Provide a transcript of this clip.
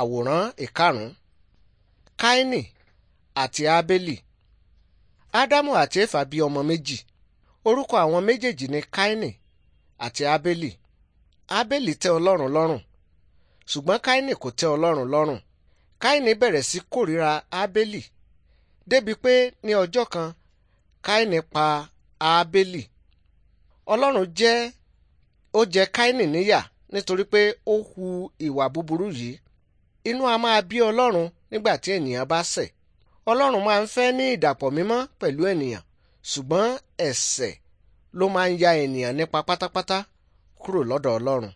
àwòrán ìkarùn-ún káínì àti abeli ádámù àti éfà bí ọmọ méjì orúkọ àwọn méjèèjì ni káínì àti abeli ábélì tẹ́ ọlọ́run lọ́rùn ṣùgbọ́n káínì kò tẹ́ ọlọ́run lọ́rùn káínì bẹ̀rẹ̀ sí kórìíra ábélì débi pé ní ọjọ́ kan káínì pa abeli ọlọ́run jẹ́ ó jẹ káínì níyà nítorí pé ó hu ìwà búburú yìí inú a máa bí ọlọ́run nígbà tí ènìyàn bá ṣẹ̀ ọlọ́run máa ń fẹ́ ní ìdàpọ̀ mímọ́ pẹ̀lú ènìyàn ṣùgbọ́n ẹ̀ṣẹ̀ ló máa ń ya ènìyàn nípa pátápátá kúrò lọ́dọ̀ ọlọ́run